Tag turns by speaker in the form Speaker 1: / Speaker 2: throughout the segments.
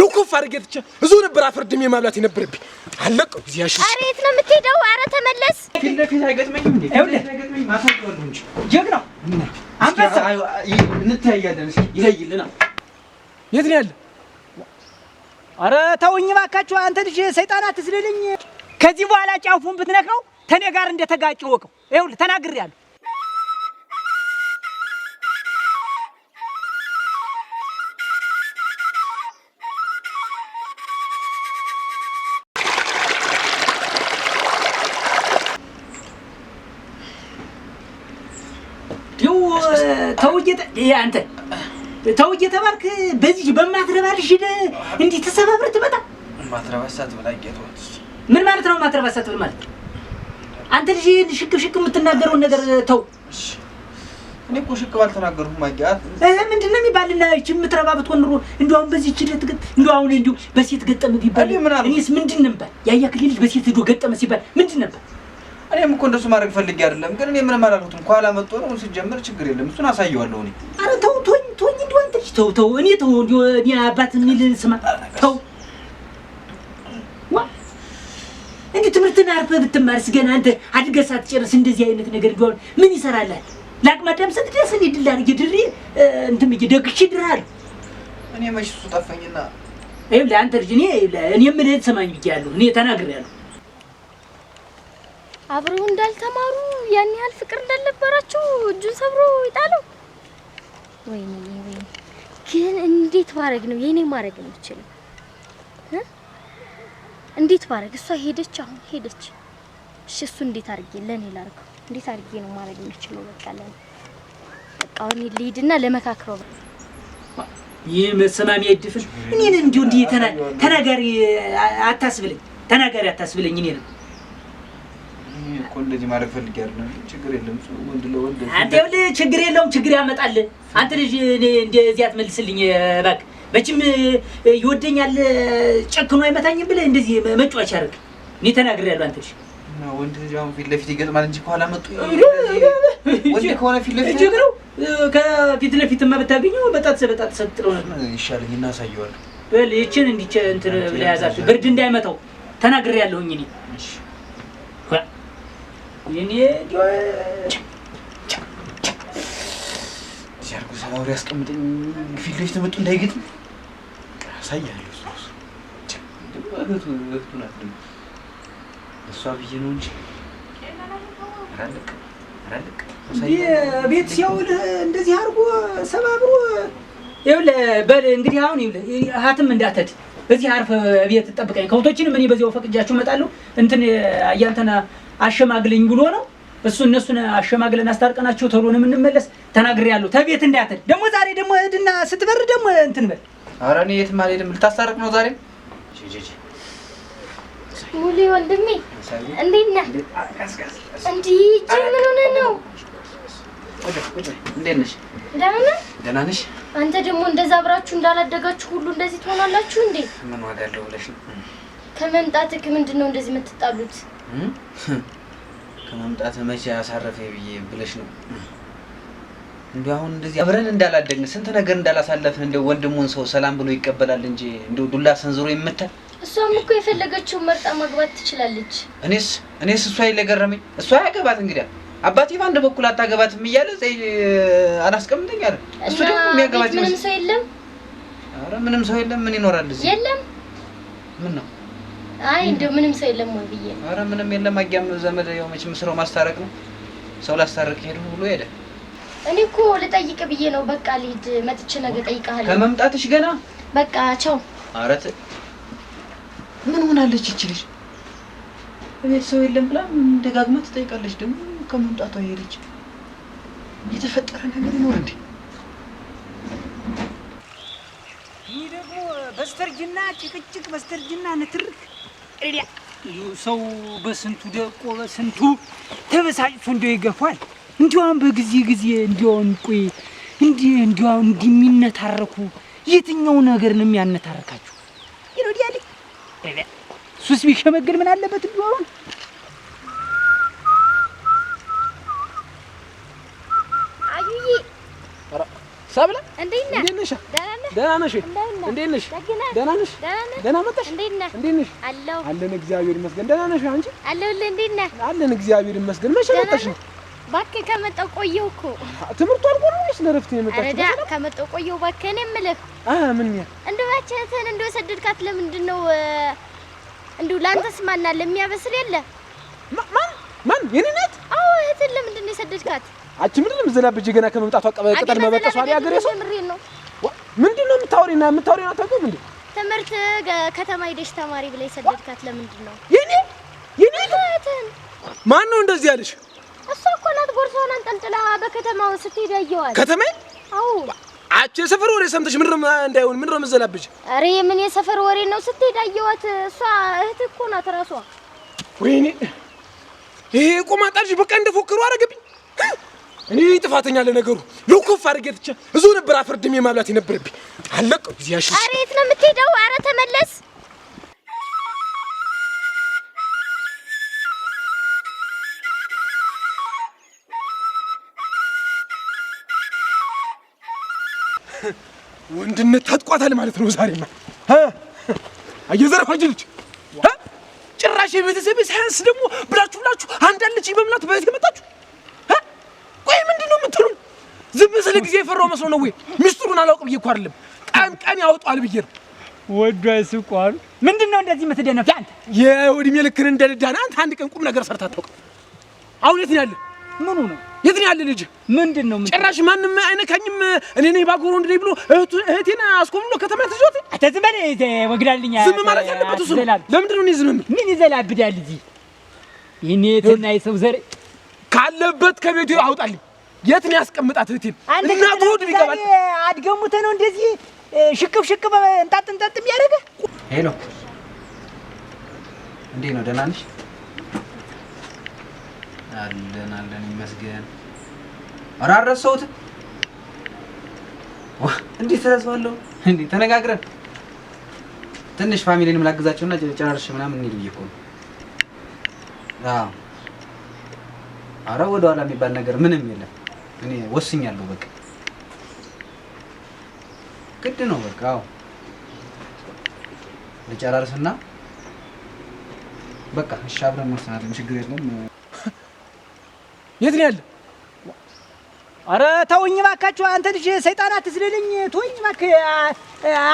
Speaker 1: ልኩፍ አድርጌ ትቼ እዚሁ ነበር አፈርድሜ ማብላት የነበረብኝ። አለቀ እዚህ ያሽ።
Speaker 2: ኧረ የት ነው የምትሄደው? ኧረ ተመለስ።
Speaker 3: ለፊት እንዴ? አንበሳ ይለይልና
Speaker 1: የት ነው ያለ? ኧረ ተውኝ እባካችሁ። አንተ ልጅ ሰይጣን አትስልልኝ። ከዚህ በኋላ ጫፉን ብትነካው ተኔ ጋር እንደተጋጭ ወቀው። ይኸውልህ ተናግሬያለሁ። ተውዬ አንተ ተውዬ ተባልክ በዚህ በማትረባ ልጅ እንዲህ ተሰባብር ትመጣ
Speaker 3: ማትረባሳት ብላ ጌቶች
Speaker 1: ምን ማለት ነው? ማትረባሳት ብል ማለት አንተ ልጅ የምትናገረውን ነገር ተው።
Speaker 3: እኔ እኮ አልተናገርኩም።
Speaker 1: ምንድን ነው የሚባልና የምትረባ ብትሆን ኑሮ አሁን በዚህ አሁን በሴት ገጠመ ቢባል እኔስ ምንድን ነበር በሴት ገጠመ ሲባል ምንድን ነበር
Speaker 3: እኔም እኮ እንደሱ ማድረግ ፈልጌ አይደለም፣ ግን እኔ ምንም አላልኩትም። ከኋላ መጥቶ ነው ሲጀምር፣ ችግር የለም እሱን አሳየዋለሁ። እኔ
Speaker 1: ኧረ ተው ቶኝ ቶኝ እንደው አንተ ልጅ ተው ተው፣ እኔ ተው እኔ አባት የሚልህን ስማ ተው። እንዲህ ትምህርትን አርፈህ ብትማርስ ገና አንተ አድገህ ሳትጨርስ እንደዚህ አይነት ነገር ቢሆን ምን ይሰራላል? ለአቅማዳም ስንት ድረስ እኔ ድል አድርጌ ድሬ እንትን ብዬ ደግሼ ድርሃል።
Speaker 3: እኔ መች እሱ ጠፋኝና
Speaker 1: ይኸውልህ አንተ ልጅ እኔ እኔ የምልህን ስማኝ ብያለሁ፣ እኔ ተናግሬያለሁ
Speaker 2: አብረው እንዳልተማሩ ያን ያህል ፍቅር እንዳልነበራችሁ እጁን ሰብሮ ይጣለው። ወይኔ ወይኔ! ግን እንዴት ማድረግ ነው የኔ ማድረግ የምችለው? እንዴት ማድረግ እሷ ሄደች፣ አሁን ሄደች። እሺ እሱ እንዴት አድርጌ ለኔ ላድርገው? እንዴት አድርጌ ነው ማድረግ የምችለው? በቃ ለኔ በቃ አሁን ልሂድና ለመካክረው
Speaker 1: ይህ መሰማሚ ያድፍሽ እኔን እንዲሁ እንዲህ ተናገሪ አታስብለኝ፣ ተናገሪ አታስብለኝ እኔ ነው
Speaker 3: እኮ ማድረግ ፈልጌያለሁ። ችግር የለም ወንድ ለወንድ
Speaker 1: አንተ ችግር የለውም። ችግር ያመጣል። አንተ ልጅ እንደዚህ አትመልስልኝ እባክህ። መቼም ይወደኛል ጨክኖ አይመታኝም ብለህ እንደዚህ መጫወቻ ያደርግ። እኔ ተናግሬያለሁ። አንተ ልጅ
Speaker 3: ወንድ ልጅ አሁን ፊት ለፊት ይገጥማል እንጂ ከኋላ መጡ ወንድ ከሆነ ፊት ለፊት
Speaker 1: ነው። ከፊት ለፊትማ ብታገኘው በጣት በጣት
Speaker 3: ሰጥጥለው ይሻለኝ እና
Speaker 1: በል ይችን እንዲህ እንትን ብለህ ያዛት፣ ብርድ እንዳይመታው ተናግሬያለሁኝ እኔ
Speaker 3: ሰላም ያስቀምጠኝ ፊት ለፊት መጡ እንዳይገጥም ያሳያል። እሷ ብዬ ነው እንጂ
Speaker 1: ቤት ሲያውልህ እንደዚህ አድርጎ ሰባብሮ ይኸውልህ። በል እንግዲህ አሁን ይኸውልህ ሀትም እንዳትሄድ እዚህ አርፈ ቤት ጠብቀኝ፣ ከብቶችንም እኔ በዚያው ፈቅጃችሁ እመጣለሁ እንትን እያንተን አሸማግለኝ ብሎ ነው እሱ። እነሱን አሸማግለን አስታርቀናቸው ተብሎ ነው የምንመለስ። ተናግሬያለሁ። ተቤት እንዳትል ደግሞ ዛሬ ደግሞ እድና ስትበር ደግሞ እንትን በል።
Speaker 3: ኧረ እኔ የትም አልሄድም። ልታስታርቅ ነው ዛሬ
Speaker 2: ሙሉ ወንድሜ። እንዴት ነህ? እንዲህ ምን ሆነህ ነው?
Speaker 3: እንዴት ነሽ? ደህና ነሽ?
Speaker 2: አንተ ደግሞ እንደዛ አብራችሁ እንዳላደጋችሁ ሁሉ እንደዚህ ትሆናላችሁ እንዴ?
Speaker 3: ምን ዋጋ አለው ብለሽ ነው።
Speaker 2: ከመምጣትህ ምንድን ነው እንደዚህ የምትጣሉት?
Speaker 3: ከመምጣትህ መቼ አሳረፈ ብዬ ብለሽ ነው እንዲሁ አሁን እንደዚህ አብረን እንዳላደግን ስንት ነገር እንዳላሳለፍን እንደ ወንድሙን ሰው ሰላም ብሎ ይቀበላል እንጂ እንደው ዱላ ሰንዝሮ ይመታል።
Speaker 2: እሷም እኮ የፈለገችውን መርጣ ማግባት ትችላለች።
Speaker 1: እኔስ እኔስ እሷ ይለገረመኝ እሷ ያገባት እንግዲያ አባቴ በአንድ በኩል አታገባትም እያለ አላስቀምጠኝ አለ።
Speaker 2: እሱ ደግሞ የሚያገባት ምንም ሰው የለም።
Speaker 3: ኧረ ምንም ሰው የለም። ምን ይኖራል እዚህ? የለም። ምን ነው?
Speaker 2: አይ እንደው ምንም ሰው የለም ወይ ብዬ።
Speaker 3: ኧረ ምንም የለም። አጊያም ዘመድ ያው መቼም ስራው ማስታረቅ ነው። ሰው ላስታረቅ ሄዱ ብሎ ሄደ።
Speaker 2: እኔ እኮ ልጠይቅ ብዬ ነው። በቃ ልሂድ፣ መጥቼ ነገ ጠይቀሃለሁ።
Speaker 3: ከመምጣትሽ ገና በቃ ቻው። ኧረ
Speaker 1: ምን ሆናለች ይችልሽ እቤት ሰው የለም ብላ ደጋግማ ትጠይቃለች። ደግሞ ከመምጣቷ የሄደች የተፈጠረ ነገር ይኖር እንዴ? ይህ ደግሞ በስተርጅና ጭቅጭቅ፣ በስተርጅና ንትርክ ሬዲያ ሰው በስንቱ ደቆ በስንቱ ተበሳጭቶ እንዲያው ይገፏል። እንዲያውም በጊዜ ጊዜ እንዲያውን ቆይ እንዲህ እንዲያው እንደሚነታረኩ የትኛው ነገር ነው የሚያነታረካችሁ? የሚያነታርካችሁ? ሬዲያ ልብስ ቢሸመግል ምን አለበት? ቢሆን አዩዬ ሰብለ ደህና ነሽ? እንዴት ነሽ? ደህና ነሽ? ደህና መጣሽ? እንዴት ነሽ? አለን እግዚአብሔር ይመስገን። ደህና ነሽ አንቺ?
Speaker 2: አለሁልህ። እንዴት ነህ?
Speaker 1: አለን እግዚአብሔር ይመስገን። መቼ መጣሽ?
Speaker 2: እባክህ ከመጣሁ ቆየሁ እኮ።
Speaker 1: ትምህርቱ አልቆ ነው ወይስ ለእረፍት ነው የመጣችው?
Speaker 2: ኧረ ዳ ከመጣሁ ቆየሁ። እባክህ እኔ የምልህ ምን እንደው ለምንድን ነው? እንዲሁ ለአንተስ ማን አለ የሚያበስል የለ?
Speaker 1: ማን ማን? የኔ ናት?
Speaker 2: አዎ እህትህን ለምንድን ነው የሰደድካት?
Speaker 1: አንቺ ምንድን ነው የምትዘላብጅ? ገና ከመምጣቷ ቅጠል መበጠሷ ላይ ያገሬ ሰው ነው። ምንድን ነው የምታወሪና የምታወሪና ታቆም እንዴ?
Speaker 2: ትምህርት ከተማ ሄደሽ ተማሪ ብለ የሰደድካት ለምንድን ነው?
Speaker 1: የኔ የኔ እህትህን ማን ነው እንደዚህ ያለሽ?
Speaker 2: እሷ እኮ ናት ቦርሳዋን አንጠልጥላ በከተማው ስትሄድ ያየዋል። ከተማ? አዎ
Speaker 1: አቺ የሰፈር ወሬ ሰምተሽ ምን ረም እንዳይሆን ምን ረም ረመዘናብሽ?
Speaker 2: አረ የምን የሰፈር ወሬ ነው? ስትሄድ አየኋት። እሷ እህት እኮ ናት እራሷ።
Speaker 1: ወይኔ ይሄ ቆማጣልሽ በቃ እንደፎከሩ አረገብኝ። እኔ ጥፋተኛ ለነገሩ ለኮፍ አድርጌ ትቼ እዚሁ ነበር አፈርድሜ ማብላት የነበረብኝ። አለቀ ጊዜ ያሽ።
Speaker 2: አረ የት ነው የምትሄደው? አረ ተመለስ
Speaker 1: ወንድነት ታጥቋታል ማለት ነው። ዛሬማ አየዘረፋጅ ልጅ ጭራሽ የቤተሰብ ሳያንስ ደግሞ ብላችሁ ብላችሁ አንዳለች በምላት በቤት ከመጣችሁ ቆይ ምንድን ነው የምትሉኝ? ዝም ስለ ጊዜ የፈራው መስሎ ነው ወይ? ሚስጥሩን አላውቅ ብዬ እኮ አይደለም ቀን ቀን ያወጣዋል ብዬ ነው።
Speaker 3: ወዷ ይስቋል።
Speaker 1: ምንድን ነው እንደዚህ የምትደነፍ አንተ?
Speaker 3: የእድሜ ልክን እንደልዳና አንተ አንድ ቀን ቁም ነገር ሰርታ አታውቅም።
Speaker 1: አሁን የት ነው ያለ? ምኑ ነው የት ያለ ልጅ? ምንድን ነው ጭራሽ ማንም አይነካኝም እኔ ነኝ ባጎሮ እንደ ብሎ እህቴን አስኮምሎ ከተማ ትዞት አተዝም ወግዳልኛ ዝም ማለት ያለበት እሱ ለምንድን ነው ዝም የምልህ? ምን ይዘላብዳል እዚህ ይህን የትና የሰው ዘር ካለበት ከቤቱ አውጣልኝ። የት ያስቀምጣት እህቴን? እናቱ ሆድ ቢገባል አድገሙተ ነው እንደዚህ ሽቅብ ሽቅብ እንጣጥ እንጣጥ የሚያደርገህ
Speaker 3: ይሄ እንዴት ነው ደህና ነሽ? አለን አለን ይመስገን። ኧረ አልረሳሁትም። እንዴት እረሳዋለሁ? እንዴ ተነጋግረን ትንሽ ፋሚሊንም ላግዛቸውና ጨራርሽ ምናምን እንሂድ ብዬሽ እኮ ነው። አዎ አረ ወደኋላ የሚባል ነገር ምንም የለም። እኔ ወስኛለሁ። በቃ ግድ ነው። በቃ አዎ ልጨራርስና በቃ እሺ፣ አብረን ወስናለን። ችግር የለም።
Speaker 1: የት ነው ያለ? ኧረ ተውኝ እባካችሁ። አንተ ልጅ ሰይጣን አትስልልኝ። ተውኝ እባክህ፣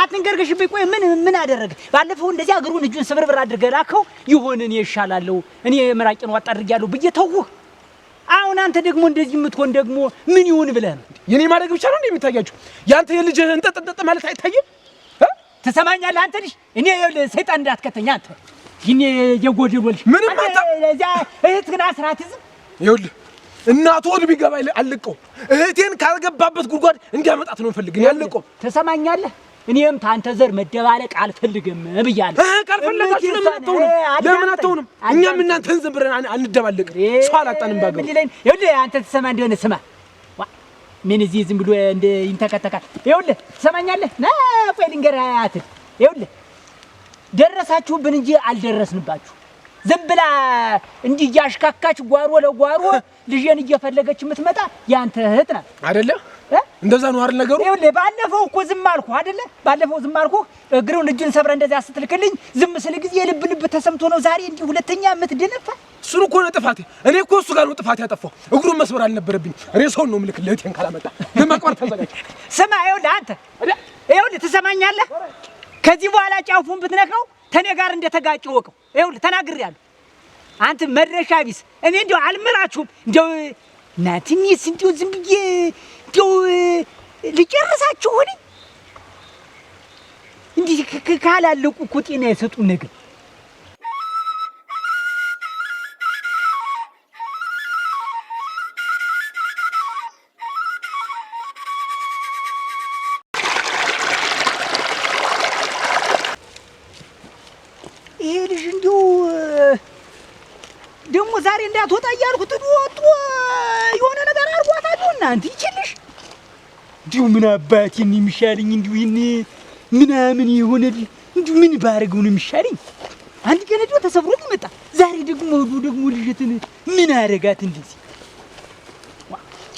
Speaker 1: አትንገርግሽብኝ። ቆይ ምን ምን አደረገ? ባለፈው እንደዚህ እግሩን እጁን ስብርብር አድርገ ላከው። ይሆን እኔ እሻላለሁ እኔ ምራቄን ዋጣ አድርጌያለሁ ብዬ ተውህ። አሁን አንተ ደግሞ እንደዚህ የምትሆን ደግሞ ምን ይሁን ብለህ ነው? የኔ ማድረግ ብቻ ነው እንደሚታያችሁ? ያንተ የልጅ እንጠጥ እንጠጥ ማለት አይታይም? ትሰማኛለህ? አንተ ልጅ እኔ ሰይጣን እንዳትከተኝ አንተ ይኔ የጎደል ወልሽ ምንም አታ እዚያ እህት ግን አስራት ይኸውልህ እናቶን ወድ ቢገባ አልለቀውም። እህቴን ካልገባበት ጉድጓድ እንዲያመጣት ነው ፈልግ ያልለቀውም። ተሰማኛለህ? እኔም ታንተ ዘር መደባለቅ አልፈልግም ብያለሁ። እህ ካልፈለጋችሁ ለምን አትሆንም? ለምን አትሆንም? እኛም እናንተን ዝም ብለን አንደባለቅ። ሰው አላጣንም። ባገሩ ይኸውልህ፣ አንተ ተሰማ እንደሆነ ስማ። ምን እዚህ ዝም ብሎ እንደ ይንተከተካል። ይኸውልህ፣ ትሰማኛለህ? ና ቆይ ልንገርህ። አያትህ ይኸውልህ፣ ደረሳችሁብን እንጂ አልደረስንባችሁ ዝም ብላ እንዲህ እያሽካካች ጓሮ ለጓሮ ልጄን እየፈለገች የምትመጣ ያንተ እህት ናት አይደለ? እንደዛ ነው አይደል ነገሩ። ይኸውልህ ባለፈው እኮ ዝም አልኩ አይደለ? ባለፈው ዝም አልኩ እግሩን እጁን ሰብረ እንደዚያ ስትልክልኝ ዝም ስል ጊዜ የልብ ልብ ተሰምቶ ነው ዛሬ እንዲህ ሁለተኛ የምትደነፋ። እሱን እኮ ነው ጥፋቴ። እኔ እኮ እሱ ጋር ነው ጥፋቴ ያጠፋው። እግሩን መስበር አልነበረብኝ። እኔ ነው ምልክ ለእቴን ካላመጣ ለማቅበር ተዘጋጅ። ስማ ይኸውልህ አንተ ይኸውልህ ትሰማኛለህ? ከዚህ በኋላ ጫፉን ብትነካው ተኔ ጋር እንደተጋጭ ወቀው ተናግር ያለ አንተ መድረሻ ቢስ እኔ እንደው አልምራችሁም እንደው ናትኝስ እንደው ዝም ብዬ እንደው ልጨርሳችሁ ሆነ እንዲህ ካላለቁ እኮ ጤና የሰጡ ነገር ይሄ ልጅ እንዲሁ ደግሞ ዛሬ እንዳትወጣ እያልኩት ወጡ የሆነ ነገር አድርጓታለሁ። እናንተ ይችልሽ እንዲሁ ምን አባቴን የሚሻለኝ እንዲሁ ይህን ምናምን የሆነ እንዲሁ ምን ባረገው ነው የሚሻለኝ? አንድ ቀን ሄዶ ተሰብሮ ሊመጣ ዛሬ ደግሞ ሄዶ ደግሞ ልጅትን ምን አረጋት? እንደዚህ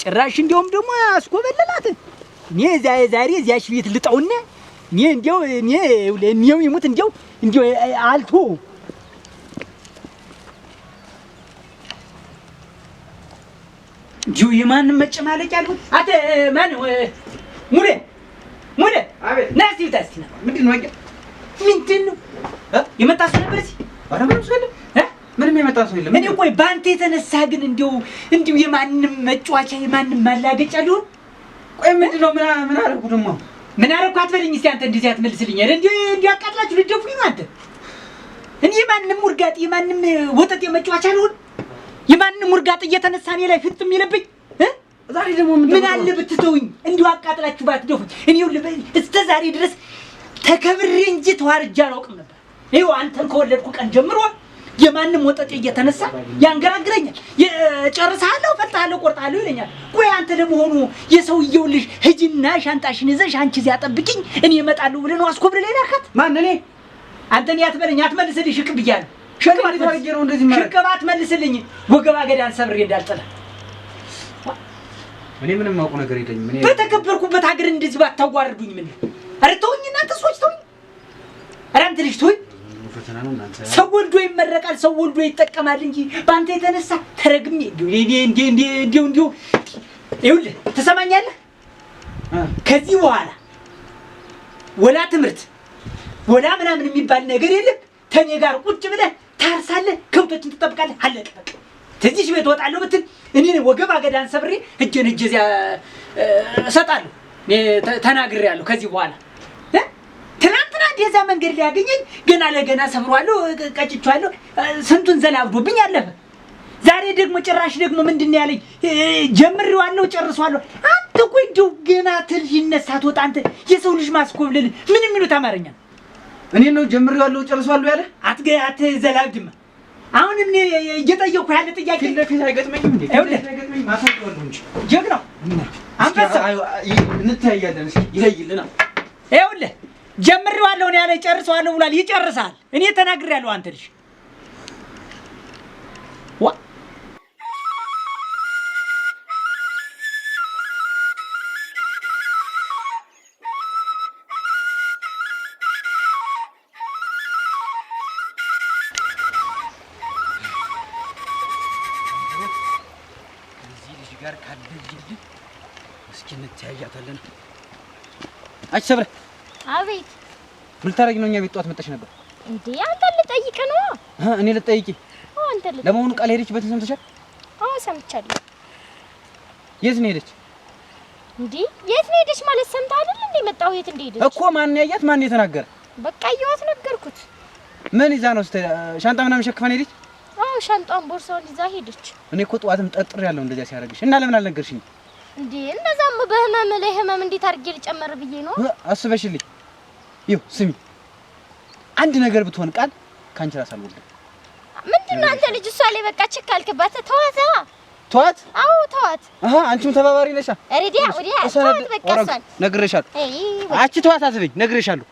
Speaker 1: ጭራሽ እንዲያውም ደግሞ አስኮበለላት። እኔ ዛሬ ዛሬ እዚያች ቤት ልጣውና እኔ እንዲያው እኔ እኔው ይሙት እንዲያው እንዲያው አልቶ እንዲሁ የማንም መጨማለቂያ አልኩት። አንተ ማን ሙሌ ሙሌ ና እስኪ ብታይ እስኪ ነው ምንድን ነው ምንድን ነው የመጣ ሰው ነበር እስኪ
Speaker 3: ኧረ ምንም ሰው የለም ምንም የመጣ ሰው የለም
Speaker 1: እኔ ቆይ በአንተ የተነሳ ግን እንዲሁ እንዲሁ የማንም መጫወቻ የማንም ማላገጫ ሊሆን
Speaker 3: ቆይ ምንድን ነው ምን ምን ደግሞ
Speaker 1: ምን አደረኩ አትበለኝ እስኪ አንተ እንደዚህ አትመልስልኝ። አይደል እንዲህ እንዲህ አቃጥላችሁ ልደፉኝ ነው አንተ። እኔ የማንም ውርጋጥ የማንም ወጠጥ የመጫወቻ አልሆን የማንም ውርጋጥ እየተነሳ እኔ ላይ ፍጥም ይለብኝ። ዛሬ ደግሞ ምን ምን አለ ብትተውኝ፣ እንዲሁ አቃጥላችሁ ባትደፉኝ። እኔው እኔ እስከ ዛሬ ድረስ ተከብሬ እንጂ ተዋርጃ አላውቅም ነበር። ይኸው አንተን ከወለድኩ ቀን ጀምሮ የማንም ወጠጤ እየተነሳ ያንገራግረኛል። ጨርሳለሁ፣ ፈልጣለሁ፣ ቆርጣለሁ ይለኛል። ቆይ አንተ ለመሆኑ የሰውየው ልጅ ህጅና ሻንጣሽን ይዘሽ አንቺ እዚያ ጠብቂኝ፣ እኔ እመጣለሁ ብለህ ነው አስኮብለህ ላይ ላካት? ማን እኔ? አንተን አትበለኝ፣ አትመልስልኝ። ሽቅብ ብያለሁ። ሽቅብ አትመልስልኝ። ወገባ ገዳን ሰብሬ እንዳልጥላ
Speaker 3: እኔ ምንም የማውቀው ነገር የለኝም። እኔ
Speaker 1: በተከበርኩበት ሀገር እንደዚህ ባታዋርዱኝ። ምን ኧረ ተውኝ እናንተ ሰዎች ተውኝ። ኧረ አንተ ልጅ ተውኝ ሰው ወልዶ ይመረቃል፣ ሰው ወልዶ ይጠቀማል እንጂ በአንተ የተነሳ ተረግሜ እንዲሁ እንዲሁ። ይኸውልህ ትሰማኛለህ? ከዚህ በኋላ ወላ ትምህርት ወላ ምናምን የሚባል ነገር የለም። ተኔ ጋር ቁጭ ብለህ ታርሳለህ፣ ከብቶችን ትጠብቃለህ። አለቀ በቃ። ተዚሽ ቤት እወጣለሁ ብትል እኔ ወገብ አገዳን ሰብሬ እጄን እጄ እዚያ እሰጣለሁ። ተናግሬያለሁ ከዚህ በኋላ እንደዛ መንገድ ሊያገኘኝ ገና ለገና ሰብሯለሁ፣ ቀጭቼዋለሁ፣ ስንቱን ዘላብዶብኝ አለፈ። ዛሬ ደግሞ ጭራሽ ደግሞ ምንድን ነው ያለኝ? ጀምሬዋለሁ፣ ጨርሷለሁ። አንተ እኮ እንደው ገና ይነሳት ወጣ። አንተ የሰው ልጅ ማስኮብልል ምን የሚሉት አማርኛ ነው? እኔ ነው ጀምሬዋለሁ፣ ጨርሷለሁ ያለ አትገ አት አትዘላብድም። አሁን እኔ እየጠየኩ ያለ ጥያቄ
Speaker 3: ፊት ለፊት አይገጥመኝም እንዴ?
Speaker 1: ማሳወቅ እንጂ ጀግናው አንበሳ
Speaker 3: እንተያያለን። ይለይልና
Speaker 1: ይኸውልህ ጀምሬዋለሁ ነው ያለ። ጨርሰዋለሁ ብሏል። ይጨርሳል። እኔ ተናግሬያለሁ። አንተ ልጅ ጋር ካለ እስኪ እንተያያታለን። አይ ሰብረህ አቤት። ምን ነው? እኛ ቤት ጠዋት መጣሽ ነበር እንዴ? አንተ ልጠይቅ ነው። እኔ ልጠይቂ? አንተ ልጠይቅ። ለመሆኑ ቃል ሄደችበትን ሰምተሻል? አዎ ሰምቻለሁ። የት ነው ሄደች? እንዴ የት ነው ሄደች ማለት ሰምታ አይደል እንዴ? መጣሁ። የት እንደሄደች እኮ ማን ያያት? ማን የተናገረ? በቃ እየዋት ነገርኩት። ምን ይዛ ነው? እስከ ሻንጣ ምናምን ሸክፈን ሄደች? አዎ ሻንጣን፣ ቦርሳውን ይዛ ሄደች። እኔ እኮ ጠዋትም ጠርጥር ያለው እንደዚያ ሲያደርግሽ እና ለምን አልነገርሽኝ እንዴ? እንደዛም በህመም ላይ ህመም እንዴት አድርጌ ልጨመር ብዬ ነው አስበሽልኝ ይው ስሚ፣ አንድ ነገር ብትሆን ቃል ካንቺ ራስ አልወልድም። ምንድነው አንተ ልጅ እሷ ላይ በቃ ችክ አልክባት። ተዋት ተዋት። አዎ ተዋት። አሃ አንቺም ተባባሪ ነሻ። ሬዲያ ወዲያ ተዋት። በቃ እሷን ነግሬሻለሁ። አቺ ተዋት አትበኝ፣ ነግሬሻለሁ